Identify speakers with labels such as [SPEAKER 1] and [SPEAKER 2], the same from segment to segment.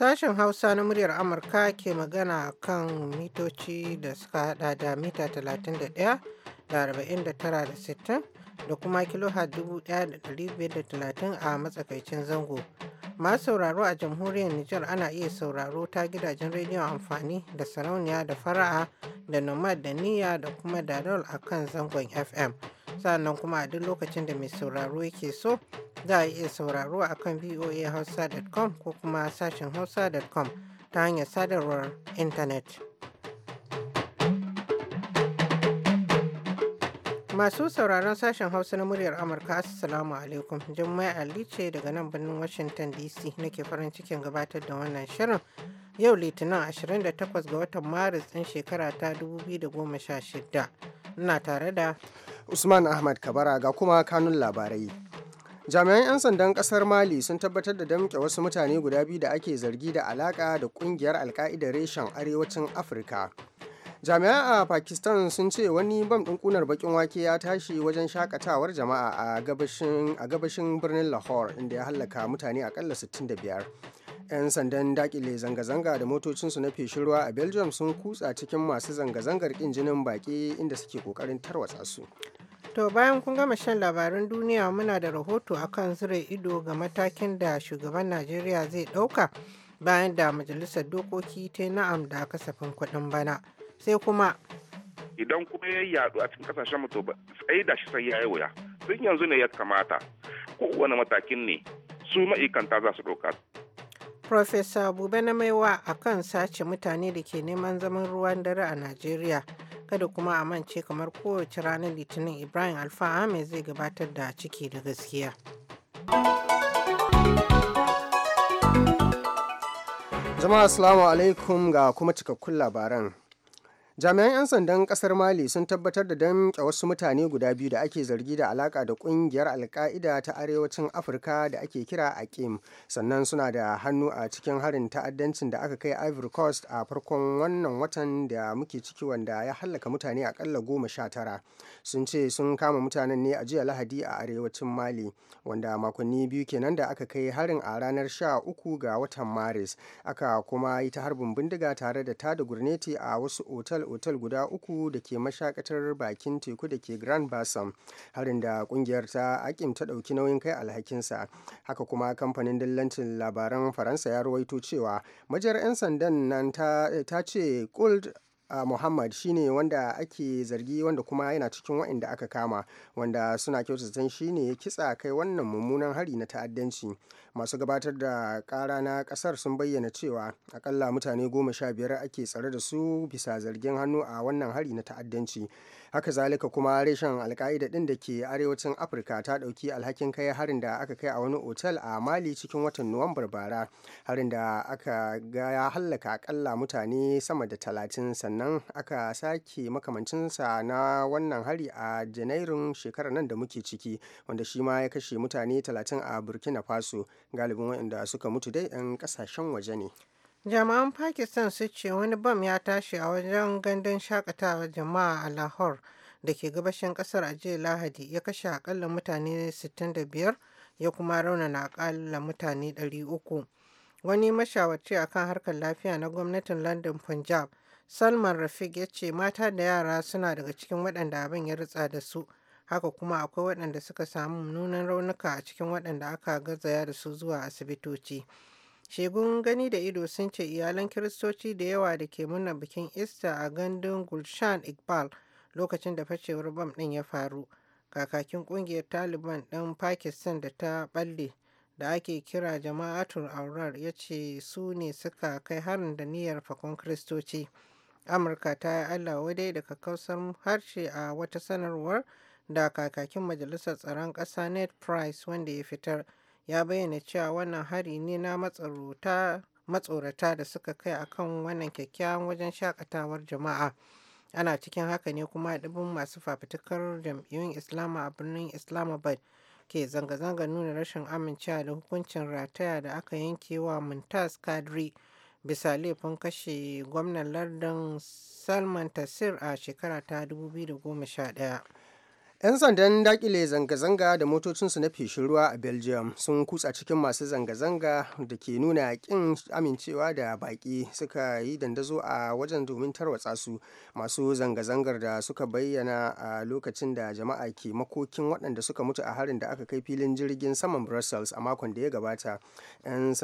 [SPEAKER 1] Sashen Hausa na muryar Amurka ke magana kan mitoci da suka hada da mita 31 da da kuma kilohat dubu a matsakaicin zango. ma sauraro a jamhuriyar Nijar ana iya sauraro ta gidajen rediyon amfani da sarauniya da fara'a da nomad da niyya da kuma darol a kan zangon FM. Sannan kuma a duk lokacin da mai sauraro yake so za a iya sauraro a kan voahausa.com ko kuma sashen hausa.com ta hanyar sadarwar intanet. Masu sauraron sashen Hausa na muryar Amurka, Assalamu alaikum. Jummai Ali ce daga nan birnin Washington DC nake farin cikin gabatar da wannan shirin. Yau Litinin 28
[SPEAKER 2] ga watan Maris ɗin shekara ta 2016. Ina tare da Usman Ahmad Kabara ga kuma kanun labarai. jami'an 'yan sandan kasar mali sun tabbatar da damke wasu mutane guda biyu da ake zargi da alaka da kungiyar alka'idar reshen arewacin afirka jami'a a pakistan sun ce wani bam ɗin kunar bakin wake ya tashi wajen shakatawar jama'a a gabashin birnin lahore inda ya hallaka mutane akalla 65 'yan sandan dakile zanga-zanga da motocinsu na feshin ruwa a belgium sun kutsa cikin masu zanga-zangar kin jinin baki inda suke kokarin tarwatsa su
[SPEAKER 1] to bayan kun gama shan labarun duniya muna da rahoto akan zure ido ga matakin da shugaban najeriya zai ɗauka bayan da majalisar dokoki ta na'am da kasafin kuɗin bana sai kuma
[SPEAKER 3] idan kuma ya yadu a cikin kasashen to tsaye da shi sai ya yi wuya tun yanzu ne ya kamata kowane matakin ne su ma'aikanta za su ɗauka.
[SPEAKER 1] Profesa Bube na maiwa a kan sace mutane da ke neman zaman ruwan dare a Najeriya. Kada kuma a mance kamar kowace ranar Litinin Ibrahim Alfa Ahmed zai gabatar da ciki da gaskiya.
[SPEAKER 2] Jama'a Assalamu alaikum ga kuma cikakkun labaran. jami'an 'yan sandan kasar mali sun tabbatar da danke wasu mutane guda biyu da ake zargi da alaka da kungiyar alka'ida ta arewacin afirka da ake kira akim sannan suna da hannu a cikin harin ta'addancin da aka kai ivory coast a farkon wannan watan da muke ciki wanda ya hallaka mutane akalla goma sha tara sun ce sun kama mutanen ne a jiya lahadi a arewacin mali wanda makonni biyu kenan da aka kai harin a ranar sha uku ga watan maris aka kuma yi ta harbin bindiga tare da tada gurneti a wasu otal otal guda uku da ke mashakatar bakin teku da ke grand bassam harin da kungiyar ta akin ta ɗauki nauyin kai alhakinsa haka kuma kamfanin dillancin labaran faransa ya ruwaito cewa majiyar 'yan sandan nan ta ce gold muhammad shine wanda ake zargi wanda kuma yana cikin wa'inda aka kama wanda suna kyautata shine ya kitsa kai wannan mummunan hari na ta'addanci masu gabatar da kara na kasar sun bayyana cewa akalla mutane goma sha biyar ake tsare da su bisa zargin hannu a wannan hari na ta'addanci haka zalika kuma reshen alka'ida din da ke arewacin afirka ta ɗauki alhakin kai harin da aka kai a wani otal a mali cikin watan nuwambar bara harin da aka ga ya hallaka akalla mutane sama da talatin sannan aka sake makamancinsa na wannan hari a janairun shekarar nan da muke ciki wanda shi ma ya kashe mutane talatin a burkina faso galibin waɗanda suka mutu dai 'yan ƙasashen waje ne
[SPEAKER 1] jama'an Pakistan su ce wani bam ya tashi a wajen gandun shakatawa jama'a a Lahore da ke gabashin kasar a jiya Lahadi ya kashe akalla mutane 65 ya kuma raunana akalla mutane 300. Wani mashawarci akan harkar lafiya na gwamnatin London Punjab, Salman Rafiq ya ce mata da yara suna daga cikin waɗanda abin ya ritsa da su. Haka kuma akwai waɗanda suka samu nunan raunuka a cikin waɗanda aka gazaya da su zuwa asibitoci. Shegun gani da ido sun ce iyalan Kiristoci da yawa da ke murnar bikin ista a gandun Gulshan Iqbal lokacin da fashewar bam ɗin ya faru. Kakakin ƙungiyar Taliban ɗan Pakistan da ta ɓalle da ake kira jama'atul aurar ya ce su ne suka kai harin da niyyar fakon Kiristoci. Amurka ta yi Allah wadai da kakausar harshe a wata sanarwar da kakakin Majalisar Tsaron Ƙasa net Price wanda ya fitar. ya bayyana cewa wannan hari ne na matsorata da suka kai a kan wannan kyakkyawan wajen shakatawar jama'a ana cikin haka ne kuma ɗibin masu fafutukar jam'iyyun islam a birnin islamabad ke zanga-zanga nuna rashin amincewa da hukuncin rataya da aka yanke wa muntas kadri bisa laifin kashe gwamnan lardin salman tasir a shekara ta 2011
[SPEAKER 2] 'Yan sandan dakile zanga-zanga da motocinsu na feshin ruwa a Belgium sun kutsa cikin masu zanga-zanga da ke nuna kin amincewa da baki suka yi dandazo a wajen domin tarwatsa su masu zanga-zangar da suka bayyana a lokacin da jama'a ke makokin waɗanda suka mutu a harin da aka kai filin jirgin saman Brussels a makon da ya gabata. 'Yan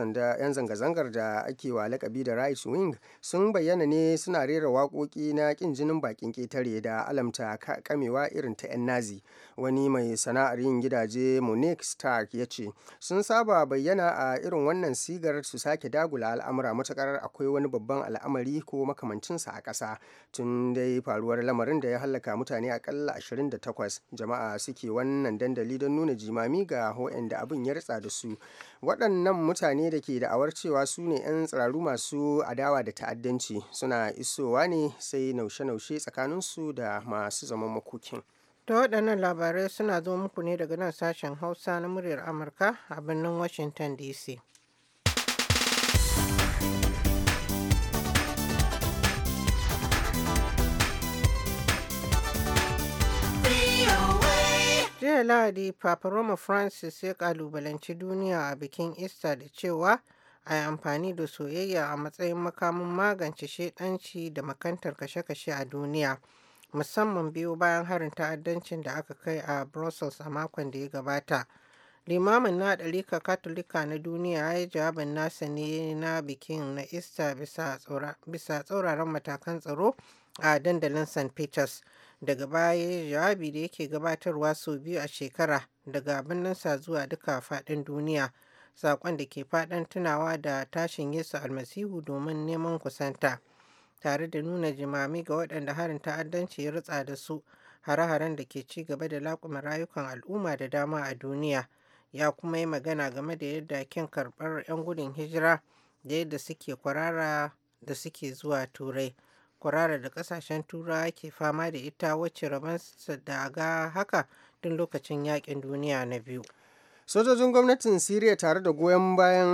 [SPEAKER 2] zanga-zangar da ake wa lakabi da Right Wing sun bayyana ne suna rera waƙoƙi na kin jinin bakin ƙetare da alamta kamewa irin ta 'yan Nazi. Benghazi wani mai sana'ar yin gidaje Monique Stark ya ce sun saba bayyana a irin wannan sigar su sake dagula al'amura matukar akwai wani babban al'amari ko makamancinsa a ƙasa tun dai faruwar lamarin da ya hallaka mutane akalla 28 jama'a suke wannan dandali don nuna jimami ga da abin ya ritsa da su waɗannan mutane da ke da'awar cewa su ne 'yan tsiraru masu adawa da ta'addanci suna isowa ne sai naushe-naushe tsakaninsu da masu zaman makokin. Ta waɗannan
[SPEAKER 1] labarai suna zo muku ne daga nan sashen Hausa na muryar Amurka a birnin Washington DC. jiya lahadi papa roma francis ya kalubalanci duniya a bikin easter da cewa a yi amfani da soyayya a matsayin makamin magance shedanci da makantar kashe-kashe a duniya musamman biyu bayan harin ta'addancin da aka kai a Brussels a makon da ya gabata. Limamin na ɗarika Katolika na duniya ya yi jawabin nasa ne na bikin na Easter bisa tsauraran matakan tsaro a dandalin St. Peters. Daga baya jawabi da yake gabatarwa sau biyu a shekara daga birninsa zuwa duka faɗin duniya. Saƙon da ke faɗan tunawa da tashin Yesu almasihu domin neman kusanta. tare da nuna jimami ga waɗanda harin ta'addanci ya rutsa da su hare-haren da ke ci gaba da laƙuma rayukan al'umma da dama a duniya ya kuma yi magana game da yadda kin karɓar 'yan gudun hijira da yadda suke kwarara da suke zuwa turai kwarara da ƙasashen turawa ke fama da ita wacce rabansa da ga haka tun lokacin yaƙin duniya na biyu
[SPEAKER 2] sojojin gwamnatin siriya tare da goyon bayan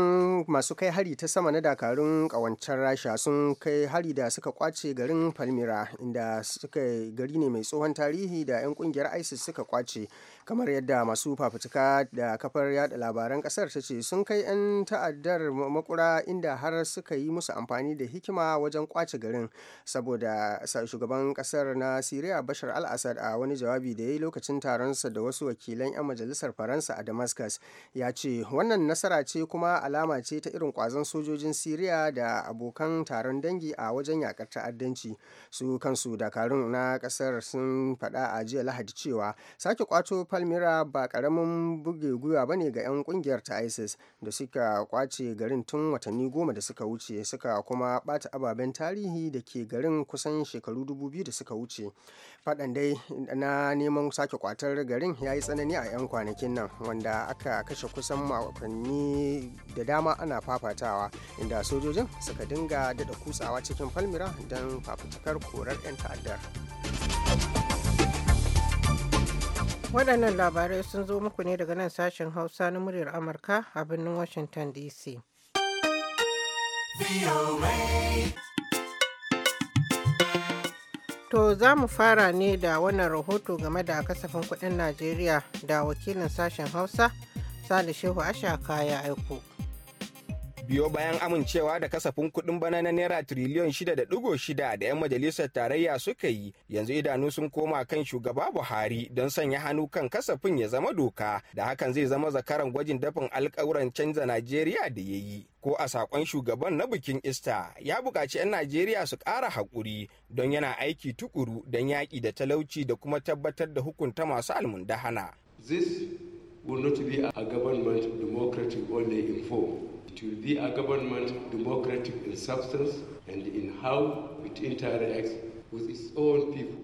[SPEAKER 2] masu kai hari ta sama na dakarun kawancen rasha sun kai hari da suka kwace garin palmira inda suka gari ne mai tsohon tarihi da 'yan kungiyar isis suka kwace kamar yadda masu fafutuka da kafar yada labaran kasar ta ce sun kai 'yan ta'addar makura inda har suka yi musu amfani da hikima wajen kwace garin saboda shugaban kasar na siriya bashar al a wani jawabi da ya yi lokacin taron sa da wasu wakilan 'yan majalisar faransa a damascus damascus ya ce wannan nasara ce kuma alama ce ta irin kwazon sojojin syria da abokan taron dangi a wajen yakar ta'addanci su kansu dakarun na kasar sun faɗa a jiya lahadi cewa sake kwato palmira ba karamin buge gwiwa bane ga 'yan kungiyar ta isis da suka kwace garin tun watanni goma da suka wuce suka kuma bata ababen tarihi da ke garin kusan shekaru dubu biyu da suka wuce faɗan dai na neman sake kwatar garin ya yi tsanani a 'yan kwanakin nan wanda aka kashe kusan makonni da dama ana fafatawa inda sojojin suka dinga daɗa kutsawa cikin palmira don fafutukar korar 'yan ta'addar
[SPEAKER 1] waɗannan labarai sun zo muku ne daga nan sashen hausa na muryar amurka a birnin washington dc To za mu fara ne da wannan rahoto game da kasafin kudin Najeriya da wakilin sashen Hausa, Sale Shehu Asha ya aiko.
[SPEAKER 4] biyo bayan amincewa da kasafin kuɗin bana na naira tiriliyon shida da 'yan majalisar tarayya suka yi yanzu idanu sun koma kan shugaba buhari don sanya hannu kan kasafin ya zama doka da hakan zai zama zakaran gwajin dafin alkawuran canza najeriya da ya yi ko a sakon shugaban na bikin ista ya buƙaci 'yan najeriya su ƙara haƙuri don yana aiki tukuru don yaƙi da talauci da kuma tabbatar da hukunta masu almundahana. This will a government democratic only in form. It be a government democratic in substance and in how it interacts with its own people.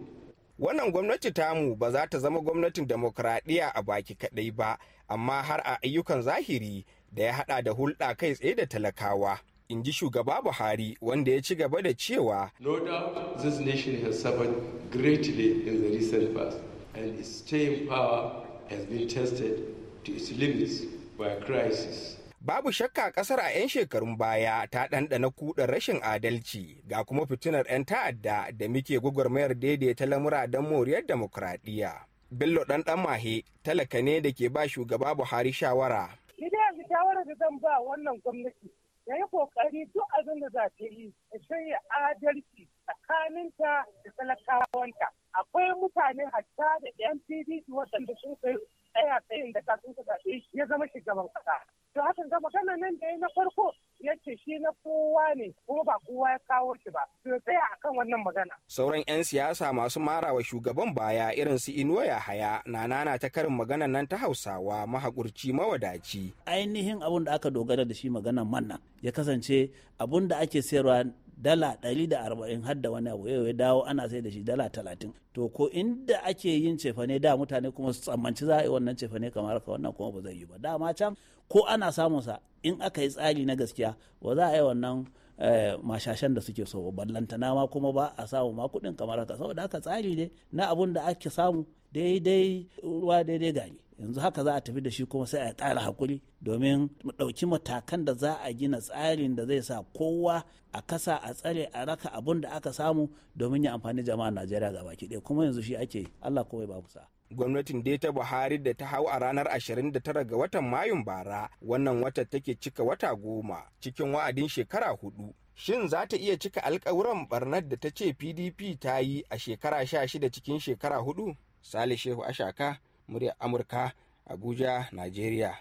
[SPEAKER 4] Wannan gwamnati tamu ba za ta zama gwamnatin demokradiyya a baki kaɗai ba, amma har a ayyukan zahiri da ya haɗa da hulɗa kai tsaye da talakawa. In ji shugaba Buhari wanda ya ci gaba da cewa. No doubt this nation has suffered greatly in the recent past and its staying power has been tested to its limits by crisis. Babu shakka kasar a 'yan shekarun baya ta ɗanɗana kuɗin rashin adalci ga kuma fitinar 'yan ta'adda da muke gwagwarmayar daidaita lamura don moriyar demokuraɗiyya. Bello ɗan ɗan mahe talaka ne da ke ba shugaba Buhari shawara.
[SPEAKER 5] Ni yanzu shawara da zan ba wannan gwamnati ya yi kokari duk abin da za ta yi ta shirya adalci tsakaninta da talakawanta. Akwai mutane hatta da 'yan PDP
[SPEAKER 6] waɗanda sun kai tsaya tsayin da kafin ka zaɓe ya zama shugaban kasa To hakan ga magana nan da ya na farko ya ce shi na kowa ne kuma ba kowa ya kawo shi ba. To tsaya
[SPEAKER 1] akan wannan magana.
[SPEAKER 4] Sauran 'yan siyasa masu marawa shugaban baya irin su Inuwa Yahaya na nana ta karin magana nan ta Hausawa mahaƙurci mawadaci. Ainihin abun da aka dogara da shi maganan manna ya kasance abun da ake sayarwa dala ɗari da arba'in har da wani abu ya dawo ana sai da shi dala talatin to ko inda ake yin cefane da mutane kuma su tsammanci za a yi wannan cefane kamar haka wannan kuma ba zai yi ba dama can ko ana samun sa in aka yi tsari na gaskiya ba za a yi wannan eh, mashashen da suke so ballantana ma kuma ba a samu ma kuɗin kamar haka saboda haka tsari ne na abun da ake samu daidai ruwa daidai gani yanzu haka za a tafi da shi kuma sai a tsara hakuri domin mu ɗauki matakan da za a gina tsarin da zai sa kowa a kasa a tsare a raka abun da aka samu domin ya amfani jama'a najeriya ga baki ɗaya kuma yanzu shi ake allah kawai ba kusa gwamnatin dai ta buhari da ta hau a ranar 29 ga watan mayun bara wannan wata take cika wata goma cikin wa'adin shekara hudu shin za ta iya cika alkawuran barnar da ta ce pdp ta yi a shekara 16 cikin shekara hudu sale shehu ashaka muryar amurka abuja nigeria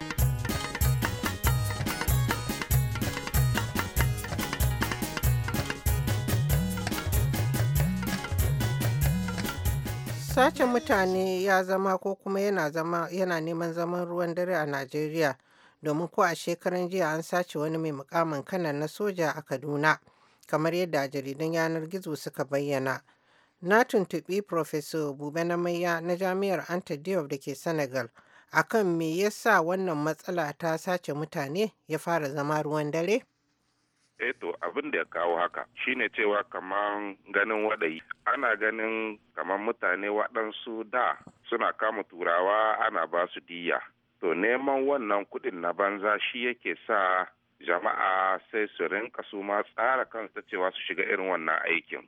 [SPEAKER 1] sace mutane ya zama ko kuma yana neman zaman ruwan dare a nigeria domin ko a shekaran jiya an sace wani mai mukamin kanan na soja a Kaduna kamar yadda jaridan yanar gizo suka bayyana na tuntuɓi Professor Bube Namaya na Jami'ar Anta da ke Senegal akan me ya sa wannan matsala ta sace mutane ya fara zama ruwan dare?
[SPEAKER 3] Eto, eh abin da ya kawo haka shine cewa kamar ganin waɗayi. ana ganin kamar mutane waɗansu da suna kama turawa ana ba su diya to neman wannan kuɗin na banza shi yake sa jama'a sai su rinka su ma tsara kansu cewa su shiga irin wannan aikin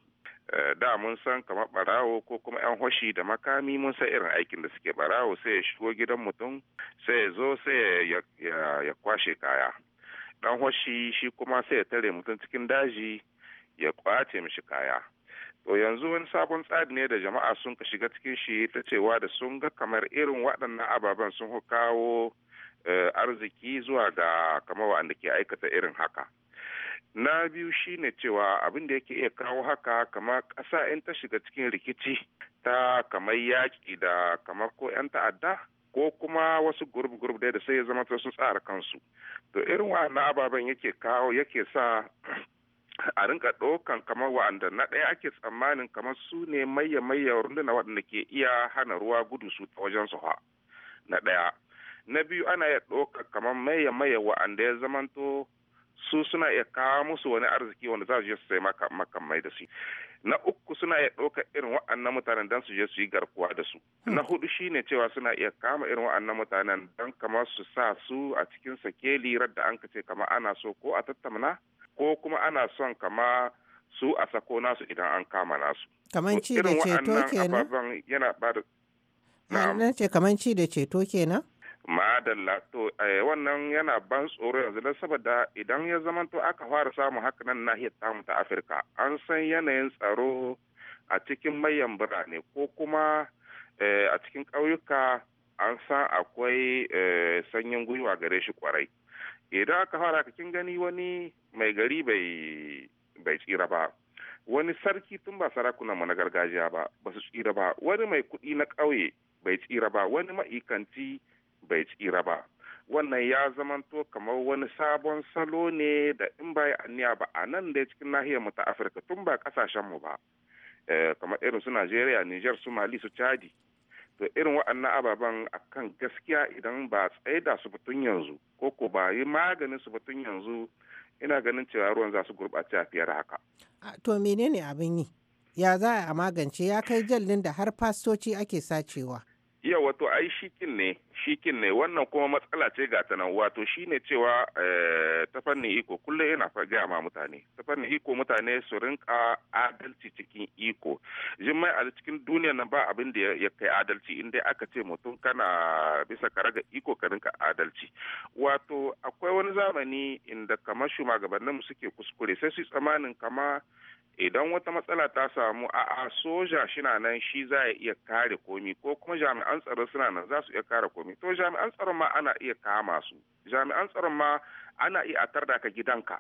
[SPEAKER 3] Eh, da mun san kamar barawo ko kuma yan hoshi da makami mun san irin aikin da suke barawo sai ya shigo gidan mutum sai ya zo sai ya kwashe kaya dan hoshi shi kuma sai ya tare mutum cikin daji ya kwace mishi kaya to yanzu wani sabon tsari ne da jama'a sun ka shiga cikin shi ta cewa da sun ga kamar irin waɗannan ababen sun kawo eh, arziki zuwa ga kamar waɗanda ke aikata irin haka na biyu shine cewa abin da yake iya kawo haka kama ƙasa in ta shiga cikin rikici ta kamar yaƙi da kamar ko 'yan ta'adda ko kuma wasu gurub gurub da sai ya zama sun tsara kansu to irin wa'annan ababen yake kawo yake sa a rinka ɗaukan kamar wa'anda na ɗaya ake tsammanin kamar su ne maye maye runduna waɗanda ke iya hana ruwa gudu su ta wajen su ha na ɗaya na biyu ana ya ɗauka kamar maye maye wa'anda ya zamanto su suna iya kawo musu wani arziki wanda za su je su sai makamai da su na uku suna iya ɗaukar irin wa'annan mutanen don su je su yi garkuwa da su hmm. na hudu shine cewa suna iya kama irin wa'annan mutanen don kamar su sa su a cikin sakeli da an kace kama ana so ko a tattauna ko kuma ana son kama su a sako nasu idan an kama nasu kaman ci da ceto yana ba da
[SPEAKER 1] na kenan
[SPEAKER 3] madalla to eh, wannan yana ban tsoro yanzu don saboda idan ya to aka fara samun haka nan nahiyar tamu ta afirka an san yanayin tsaro a cikin mayan birane ko kuma eh, a cikin ƙauyuka an san akwai eh, sanyin gwiwa gare shi kwarai idan aka fara kin gani wani mai gari bai tsira ba wani sarki tun ba sarakunan mu na gargajiya ba ba su tsira ba wani mai kuɗi na ƙauye bai tsira ba wani ma'ikanci bai tsira ba wannan ya zamanto kamar wani sabon salo ne da in bai aniya ba a nan da cikin nahiyar mu ta afirka tun ba kasashen mu ba eh, kamar irin su najeriya niger su mali su chadi to irin waɗannan ababen akan gaskiya idan ba tsaida su batun yanzu ko ko ba yi maganin su batun yanzu ina ganin cewa ruwan za su gurɓace a fiye da haka.
[SPEAKER 1] to menene abin yi ya za a magance ya kai jallin da har fastoci ake sacewa.
[SPEAKER 3] iya wato ai shikin ne shikin ne wannan kuma matsala ce ga ta nan wato shine cewa eh, ta fannin iko kullum yana gaya ma mutane ta fannin iko mutane su rinka adalci cikin iko mai a cikin duniya nan ba abin da ya kai adalci inda aka ce mutum kana bisa ka raga iko ka rinka adalci wato akwai wani zamani inda kamar shugabanninmu suke kuskure sai su tsamanin kama idan wata matsala ta samu a'a soja shina nan shi za a iya kare komi ko kuma jami'an tsaro suna nan za su iya kare komi to jami'an tsaron ma ana iya kama su jami'an tsaron ma ana iya atar da ka gidanka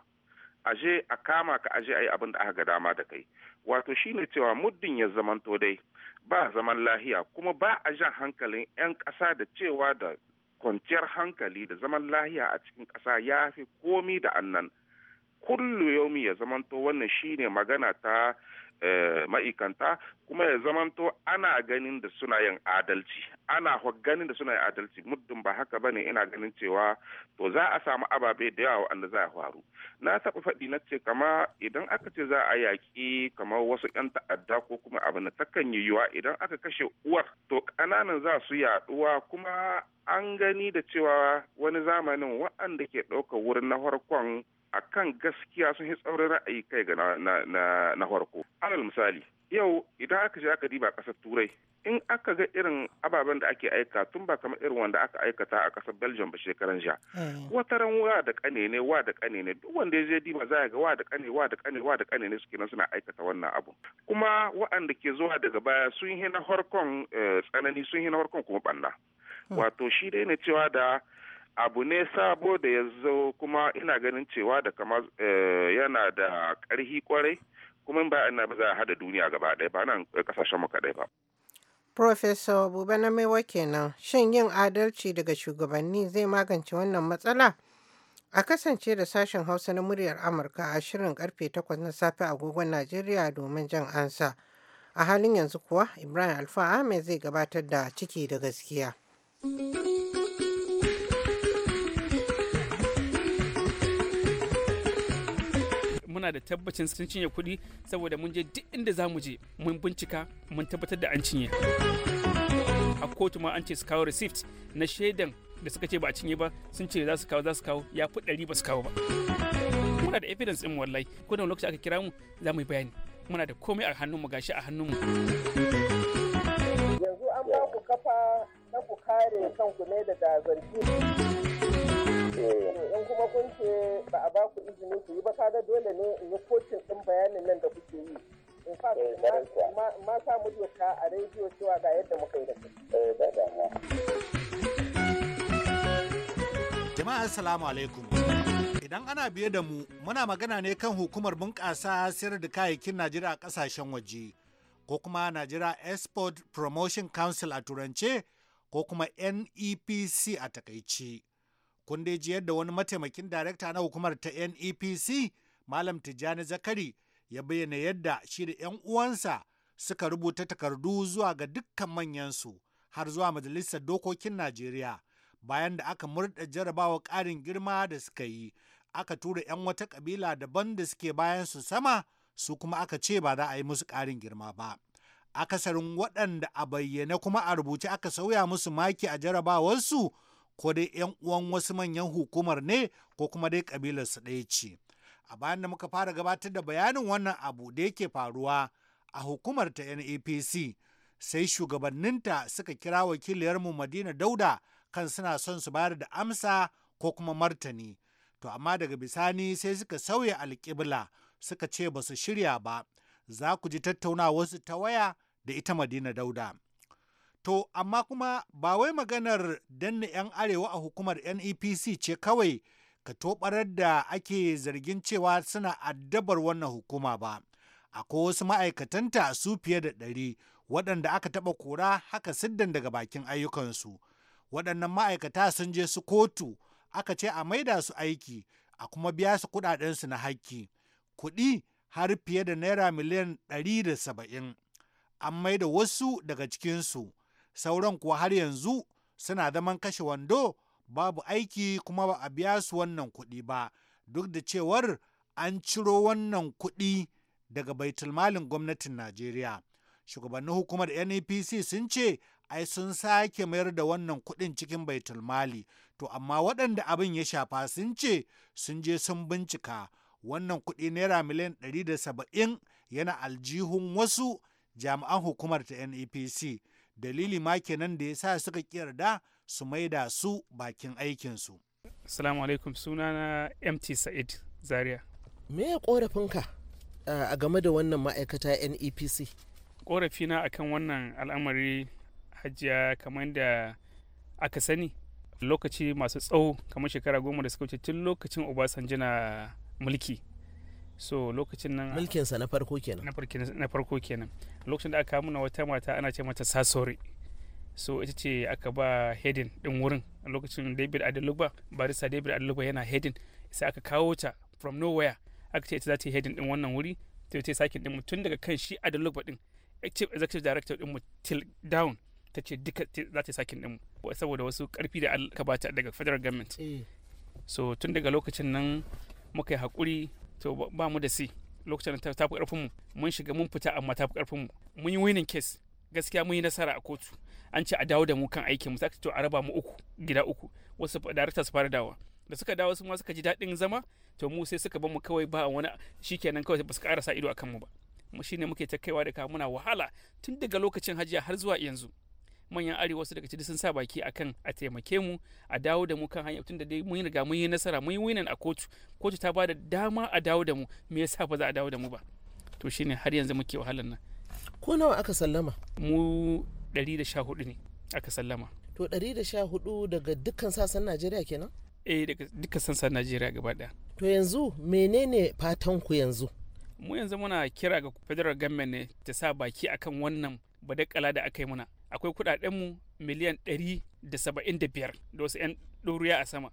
[SPEAKER 3] aje a kama ka aje a yi abin da aka ga dama da kai wato shine cewa muddin ya zamanto dai ba zaman lahiya kuma ba a jan hankalin 'yan ƙasa da cewa da kwanciyar hankali da zaman lahiya a cikin ƙasa ya fi komi da annan kullu yaumi ya zamanto wannan shine magana ta eh, ma'ikanta kuma ya zamanto ana ganin da suna yin adalci ana ganin da suna yin adalci muddin ba haka bane ina ganin cewa to za a samu ababe da yawa wanda za a faru na taɓa faɗi na ce kama idan aka ce za a yaƙi kamar wasu 'yan ta'adda ko kuma abin da takan yiwuwa idan aka kashe uwar to ƙananan za su yaɗuwa kuma an gani da cewa wani zamanin waɗanda ke ɗaukar wurin na farkon a kan gaskiya sun yi tsaurin ra'ayi kai ga na farko alal misali yau idan aka je aka diba ƙasar turai in aka ga irin ababen da ake aika tun ba kamar irin wanda aka aikata a ƙasar belgium ba shekaran jiya mm. wata ran wa da ƙane ne wa da ƙane ne duk wanda ya je diba za ga wa da ƙane, wa da ƙane, wa da ƙane ne suke nan suna aikata wannan abu kuma waɗanda ke zuwa daga baya sun yi na harkon eh, tsanani sun yi na harkon kuma banna mm. wato shi dai ne cewa da abu ne sabo da ya zo kuma ina ganin cewa da kama eh, yana da ƙarhi kwarai kuma ba ina ba za a hada duniya gaba ɗaya ba nan kasashen mu kaɗai ba.
[SPEAKER 1] Professor Buba na Maiwa kenan shin yin adalci daga shugabanni zai magance wannan matsala? A kasance da sashen Hausa na muryar Amurka a shirin karfe 8 na safe agogon Najeriya domin jan ansa. A halin yanzu kuwa Ibrahim Alfa Ahmed zai gabatar da ciki da gaskiya.
[SPEAKER 7] muna da tabbacin sun cinye kuɗi saboda mun je duk inda za mu je mun bincika mun tabbatar da an cinye a kotu ma an ce su kawo receipt na shaidan da suka ce ba a cinye ba sun ce za su kawo za su kawo ya fi ɗari ba su kawo ba muna da evidence ɗin wallahi ko da lokaci aka kira mu za mu yi bayani muna da komai a hannunmu gashi a hannunmu
[SPEAKER 3] yanzu an ba ku kafa na
[SPEAKER 6] ku kare kanku ne daga zargi in kuma kun ce ba a ba ku izini ku yi ba kaga dole ne in yi kocin ɗin bayanin nan da kuke yi in fact
[SPEAKER 5] eh,
[SPEAKER 6] ma sa mu doka a rediyo cewa ga yadda muka yi da su. Eh,
[SPEAKER 5] Jama'a assalamu alaikum. Idan ana biye da mu muna magana ne kan hukumar bunƙasa sayar da kayayyakin Najeriya a ƙasashen waje ko kuma Najeriya Export Promotion Council a turance ko kuma NEPC a takaice. kun dai ji yadda wani mataimakin darakta na hukumar ta NEPC Malam Tijjani Zakari ya bayyana yadda shi da 'yan uwansa suka rubuta takardu zuwa ga dukkan manyansu har zuwa Majalisar Dokokin Najeriya bayan da aka murɗa jarabawa ƙarin girma da suka yi aka tura 'yan wata ƙabila daban da suke bayan su sama su kuma aka ce ba za a yi musu ƙarin girma ba. Akasarin waɗanda a bayyane kuma a rubuce aka sauya musu maki a jarabawarsu ko dai 'yan uwan wasu manyan hukumar ne ko kuma dai su ɗaya ce. A bayan da muka fara gabatar da bayanin wannan abu da yake faruwa a hukumar ta NAPC sai shugabanninta suka kira wakiliyarmu Madina Dauda kan suna son su bayar da amsa ko kuma martani. To amma daga bisani sai suka sauya alƙibla suka ce ba su shirya ba. Za ku ji wasu ta waya da ita Madina Dauda. To, amma kuma ba wai maganar danna 'yan arewa a hukumar NEPC ce kawai ka toɓarar da ake zargin cewa suna addabar wannan hukuma ba. Akwai wasu ma'aikatanta su fiye da ɗari waɗanda aka taɓa kora haka siddan daga bakin ayyukansu. Waɗannan ma'aikata sun je su kotu aka ce a maida su aiki a kuma biya su kuɗaɗensu na hakki. Kuɗi har fiye da naira miliyan ɗari da saba'in. An maida wasu daga cikinsu. sauran kuwa har yanzu suna zaman kashe wando babu aiki kuma ba a biya su wannan kuɗi ba duk da cewar an ciro wannan kuɗi daga baitulmalin gwamnatin najeriya shugabannin hukumar NEPC sun ce ai sun sake mayar da wannan kuɗin cikin baitulmali to amma waɗanda abin ya shafa sun ce sun je sun bincika wannan kuɗi naira miliyan 170 yana aljihun wasu jami'an hukumar ta NEPC dalili ma kenan da ya sa suka yarda su maida su bakin aikinsu. Assalamu alaikum sunana MT
[SPEAKER 7] Sa'id Zaria.
[SPEAKER 4] Me ya korafinka a game da wannan ma'aikata
[SPEAKER 7] NEPC? Korafina akan wannan al'amari hajiya kamar da aka sani lokaci masu tsawo kamar shekara goma da suka wuce tun lokacin Obasanjo na mulki so lokacin nan mulkinsa na farko kenan na farko kenan lokacin da aka kawo muna wata mata ana ce mata sasori so ita ce aka ba hedin din wurin a lokacin david adeluba barista david adeluba yana hedin sai aka kawo ta from nowhere aka ce ita za ta yi hedin din wannan wuri ta yi sakin din tun daga kan shi adeluba din active executive director din mu till down ta ce duka za ta yi sakin din mu saboda wasu karfi da aka bata daga federal government eh. so tun daga lokacin nan muka yi hakuri to ba mu da si lokacin ta fi karfin mu mun shiga mun fita amma ta fi karfin mu mun yi winning case gaskiya mun yi nasara a kotu an ce a dawo da mu kan aikin mu sai to a raba mu uku gida uku wasu darakta su fara dawa da suka dawo su ma suka ji daɗin zama to mu sai suka bar mu kawai ba wani shikenan kawai ba su karasa sa ido akan mu ba mu shine muke ta kaiwa da muna wahala tun daga lokacin hajiya har zuwa yanzu manyan arewa su daga ciki sun sa baki akan a taimake mu a dawo da mu kan hanya tunda dai mun riga mun yi nasara mun yi winan a kotu kotu ta bada dama a dawo da mu me yasa ba za a dawo da mu ba to shine har yanzu muke wahalar nan ko nawa aka sallama mu 114 ne aka sallama to 114 daga dukkan sassan Najeriya kenan eh daga dukkan sassan Najeriya gaba daya
[SPEAKER 4] to yanzu menene fatan ku yanzu
[SPEAKER 7] mu yanzu muna kira ga federal government ne ta sa baki akan wannan badakala da aka yi muna akwai kuɗaɗenmu miliyan 175 da wasu 'yan ɗoriya a sama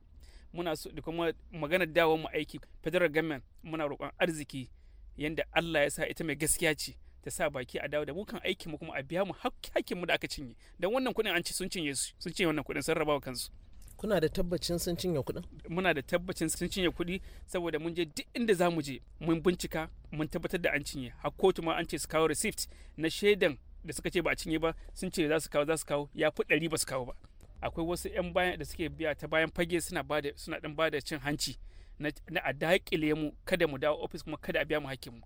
[SPEAKER 7] muna so da kuma maganar dawon mu aiki federal government muna roƙon arziki yadda Allah ya sa ita mai gaskiya ce ta sa baki a dawo da mukan aiki mu kuma a biya mu hakkin mu da aka cinye Don wannan kuɗin an ci sun cinye su sun cinye wannan kuɗin sun rabawa kansu kuna da tabbacin sun cinye kuɗin muna da tabbacin sun cinye kuɗi saboda mun je duk inda za mu je mun bincika mun tabbatar da an cinye Hakko kotu ma an ce su kawo receipt na shaidan da suka ce ba a cinye ba sun ce za su kawo za su kawo ya fi ɗari ba su kawo ba akwai wasu 'yan bayan da suke biya ta bayan fage suna bada suna dan bada cin hanci na a daƙile mu kada mu dawo ofis kuma kada a biya mu hakkin mu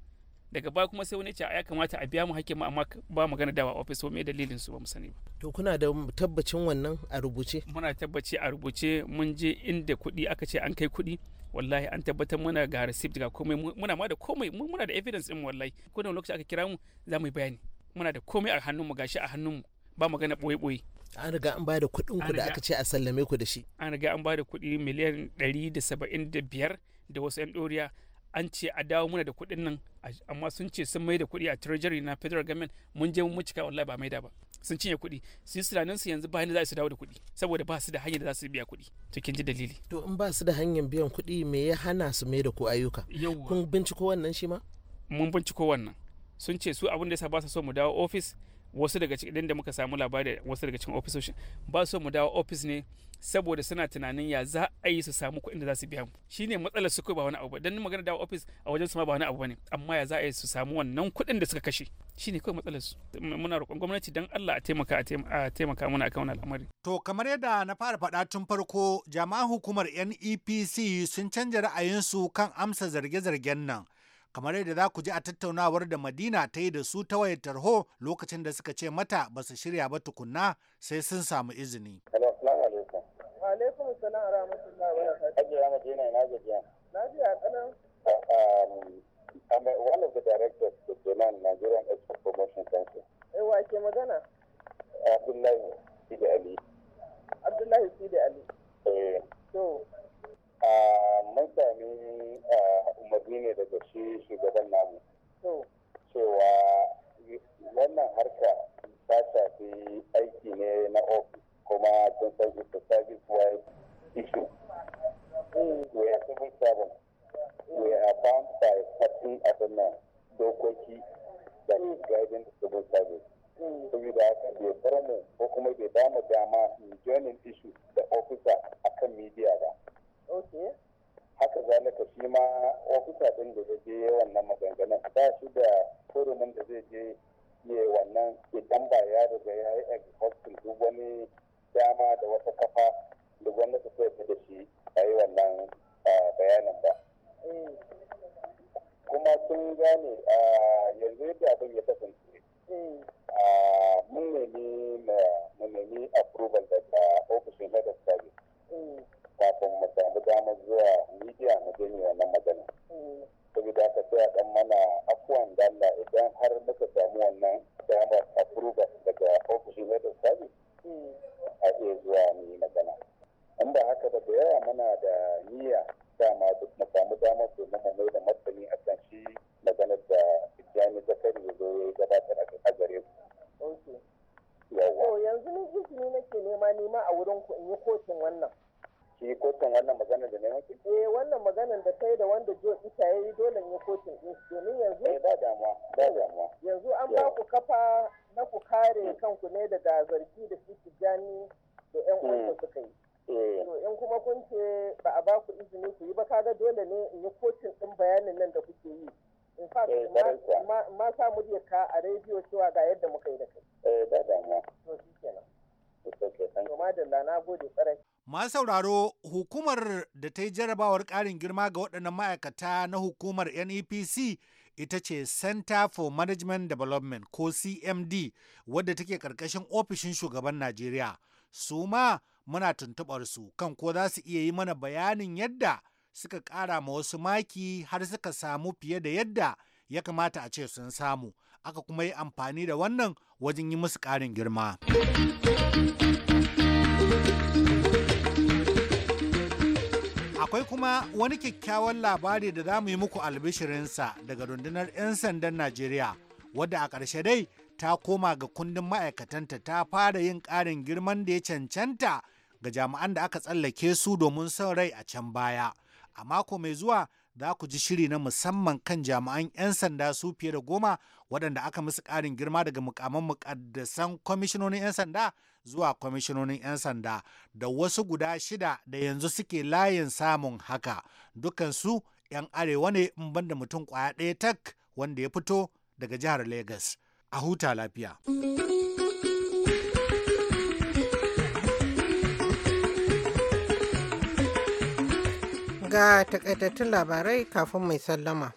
[SPEAKER 7] daga baya kuma sai wani ce ya kamata a biya mu hakkin mu amma ba magana dawa ofis me dalilin su ba mu sani ba to kuna da tabbacin wannan a rubuce muna tabbaci a rubuce mun je inda kuɗi aka ce an kai kuɗi wallahi an tabbatar muna ga receipt ga komai muna ma da komai muna da evidence din wallahi ko da lokaci aka kira mu za mu yi bayani muna da komai a hannunmu gashi a hannunmu ba magana ɓoye-ɓoye
[SPEAKER 4] an riga an bada kuɗin
[SPEAKER 7] ku da aka ce a sallame ku da shi an riga an bada kuɗi miliyan ɗari da saba'in da biyar da wasu 'yan ɗoriya an ce a dawo muna da kuɗin nan amma sun ce sun mai da kuɗi a treasury na federal government mun je mun cika wallahi ba mai da ba sun cinye kuɗi su yi tunanin su yanzu bayan za su dawo da kuɗi saboda ba su da hanyar da za su biya kuɗi to kin ji dalili to in ba su da hanyar biyan kuɗi me ya hana su mai da ku ayyuka kun binciko wannan shi ma mun binciko wannan sun ce su abin da yasa ba su so mu dawo ofis wasu daga cikin idan da muka samu labari wasu daga cikin ofisoshin ba su so mu dawo ofis ne saboda suna tunanin ya za a yi su samu kuɗin da za su biya mu shine matsalar su ba wani abu ba, dan magana dawo ofis a wajen su ma ba wani abu bane amma ya za a yi su samu wannan kuɗin da suka kashe shine kawai matsalar su muna roƙon gwamnati dan Allah a taimaka a taimaka mana akan wannan al'amari to
[SPEAKER 5] kamar yadda na fara faɗa tun farko jama'a hukumar NEPC sun canja ra'ayinsu kan amsa zarge-zargen nan kamar yadda za ku ji a tattaunawar da Madina ta yi da su ta wayar tarho lokacin da suka ce mata ba su shirya ba tukunna sai sun samu izini.
[SPEAKER 6] Eh, Abdullahi Sidi Ali. Abdullahi Sidi Ali. Eh. So, mun sami umarni ne daga shi shugaban namu cewa wannan harka ta shafi aiki ne na ofis kuma don service to service wide issue mm. we are civil servants we are bound by certain abinnan dokoki da mm. guiding civil service mm. saboda haka bai bar mu ko kuma bai ba mu dama joining issue da officer akan media ba haka zalika shi ma ofisa ɗin da zai je wannan maganganun ba shi da kurumin da zai je ya wannan idan ba ya daga ya yi exhausting duk wani dama da wata kafa da gwamnati ta yarda da shi a yi wannan bayanin ba. Kuma sun gane a yanzu yadda abin ya kasance. Mun nemi approval daga ofishin head of service. kafin mu samu damar zuwa media mu gani wannan magana mm. saboda haka sai a ɗan mana afuwan dalla idan har muka samu wannan damar approval daga ofishin head of service mm. a iya zuwa mu yi magana in ba haka ba da yawa muna da niyya dama duk mu samu damar domin mu mai da kan wannan magana da neman ki? Eh wannan magana da kai da wanda Jo ita yayi dole ne kotun ɗin domin yanzu. Eh ba damuwa ba damuwa. Yanzu an ba ku kafa na ku kare hmm. kanku ne daga zargi da su tijani da 'yan hmm. uwansa suka yi. Eh. To in kuma kun ce ba a ba ku izini ku yi ba kaga dole ne in yi kotin din bayanin nan da kuke yi. in fact eh, ma sa murya ka a rediyo cewa ga yadda muka yi da kai. Eh da damuwa. To shikenan shi kenan. To madalla na gode kwarai.
[SPEAKER 5] Masu sauraro hukumar da ta yi jarabawar ƙarin girma ga waɗannan ma'aikata na hukumar NEPC ita ce Center for Management Development ko CMD wadda take ƙarƙashin ofishin shugaban Najeriya. Su ma muna tuntuɓar su kan ko za su iya yi mana bayanin yadda suka ƙara ma wasu maki har suka samu fiye da yadda ya kamata a ce sun samu. Aka kuma yi amfani da wannan wajen yi musu ƙarin girma. akwai kuma wani kyakkyawan labari da za mu yi muku albishirinsa daga rundunar 'yan sandan najeriya wadda a ƙarshe dai ta koma ga kundin ma'aikatanta ta fara yin ƙarin girman da ya cancanta ga jami'an da aka tsallake su domin son rai a can baya a mako mai zuwa za ku ji shiri na musamman kan jami'an 'yan sanda su fiye da goma waɗanda aka musu ƙarin girma daga mukaman mukaddasan kwamishinonin 'yan sanda zuwa kwamishinonin 'yan sanda da wasu guda shida da yanzu suke layin samun haka dukansu 'yan arewa ne in banda mutum kwaya ɗaya tak wanda ya fito daga jihar Lagos A huta lafiya.
[SPEAKER 1] Ga takaitattun
[SPEAKER 2] labarai kafin mai sallama.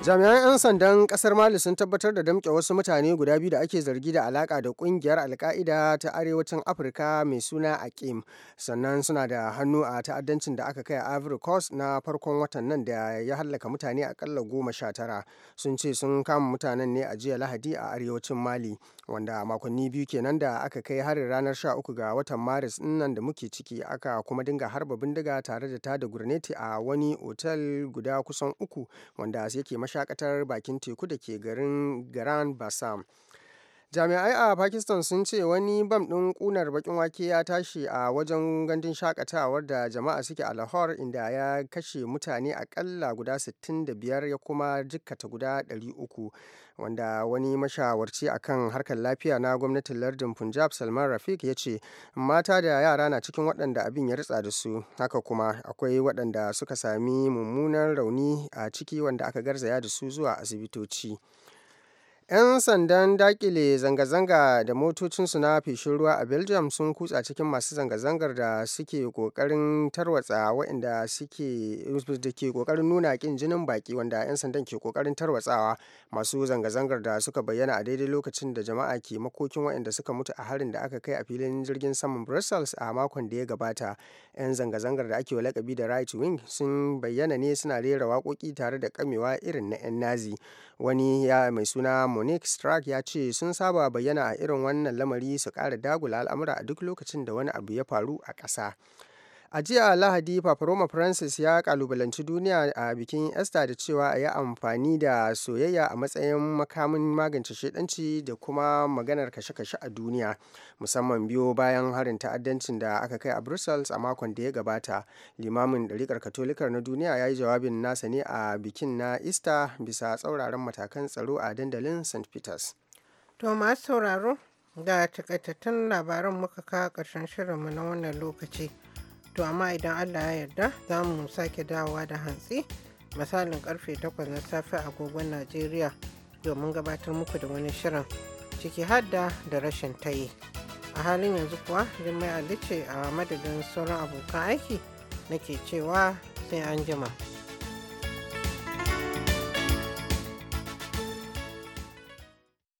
[SPEAKER 2] jami'an 'yan sandan kasar mali sun tabbatar da damke wasu mutane guda biyu da ake zargi da alaka da kungiyar alka'ida ta arewacin afirka mai suna akim sannan suna da hannu a ta'addancin da aka kai a ivory coast na farkon watan nan da ya hallaka mutane akalla goma sha tara sun ce sun kama mutanen ne a jiya lahadi a arewacin mali wanda makonni biyu kenan da aka kai harin ranar 13 ga watan maris nan da muke ciki aka kuma dinga harba bindiga tare da tada gurneti a wani otal guda kusan uku wanda yake mashakatar bakin teku da ke garin grand basam Jami'ai a Pakistan sun ce wani bam ɗin ƙunar baƙin wake ya tashi a wajen gandun shakatawar da jama'a suke a Lahore inda ya kashe mutane akalla guda 65 ya kuma jikkata guda 300 wanda wani mashawarci a kan harkar lafiya na gwamnatin lardin Punjab Salman Rafiq ya ce mata da yara na cikin waɗanda abin ya ritsa da su haka kuma akwai waɗanda suka sami mummunan rauni a ciki wanda aka garzaya da su zuwa asibitoci. ‘Yan sandan dakile zanga-zanga da motocinsu na feshin ruwa a Belgium sun kutsa cikin masu zanga-zangar da suke ƙoƙarin tarwatsa waɗanda da ke ƙoƙarin nuna ƙin jinin baƙi wanda ‘yan sandan ke kokarin tarwatsawa. Masu zanga-zangar da suka bayyana a daidai lokacin da jama'a ke makokin waɗanda suka mutu a harin da aka kai a filin jirgin saman Brussels a makon da ya gabata. ‘Yan zanga-zangar da ake lakabi da “Right Wing” sun bayyana ne suna rera waƙoƙi tare da kamewa irin na ‘yan Nazi. Wani ya mai suna Monique strack ya ce sun saba bayyana a irin wannan lamari su ƙara dagula al'amura a duk lokacin da wani abu ya faru a ƙasa. A jiya Lahadi, roma Francis ya kalubalanci duniya a bikin Easter da cewa a yi amfani da soyayya a matsayin makamin magance shaidanci da kuma maganar kashe-kashe a duniya, musamman biyo bayan harin ta'addancin da aka kai a Brussels a makon da ya gabata. Limamin ɗarikar Katolikar na duniya ya yi jawabin nasa ne a bikin na Easter bisa tsauraran matakan tsaro a dandalin St. Peters.
[SPEAKER 1] sauraro da takaitattun labaran muka kawo ƙarshen shirinmu na wannan lokaci. To amma idan Allah ya yarda za mu sake dawowa da hantsi misalin karfe 8 na safe agogon Najeriya domin gabatar muku da wani shirin ciki hadda da rashin tayi. A halin yanzu kuwa Jummai Ali ce a madadin sauran abokan aiki nake cewa sai an jima.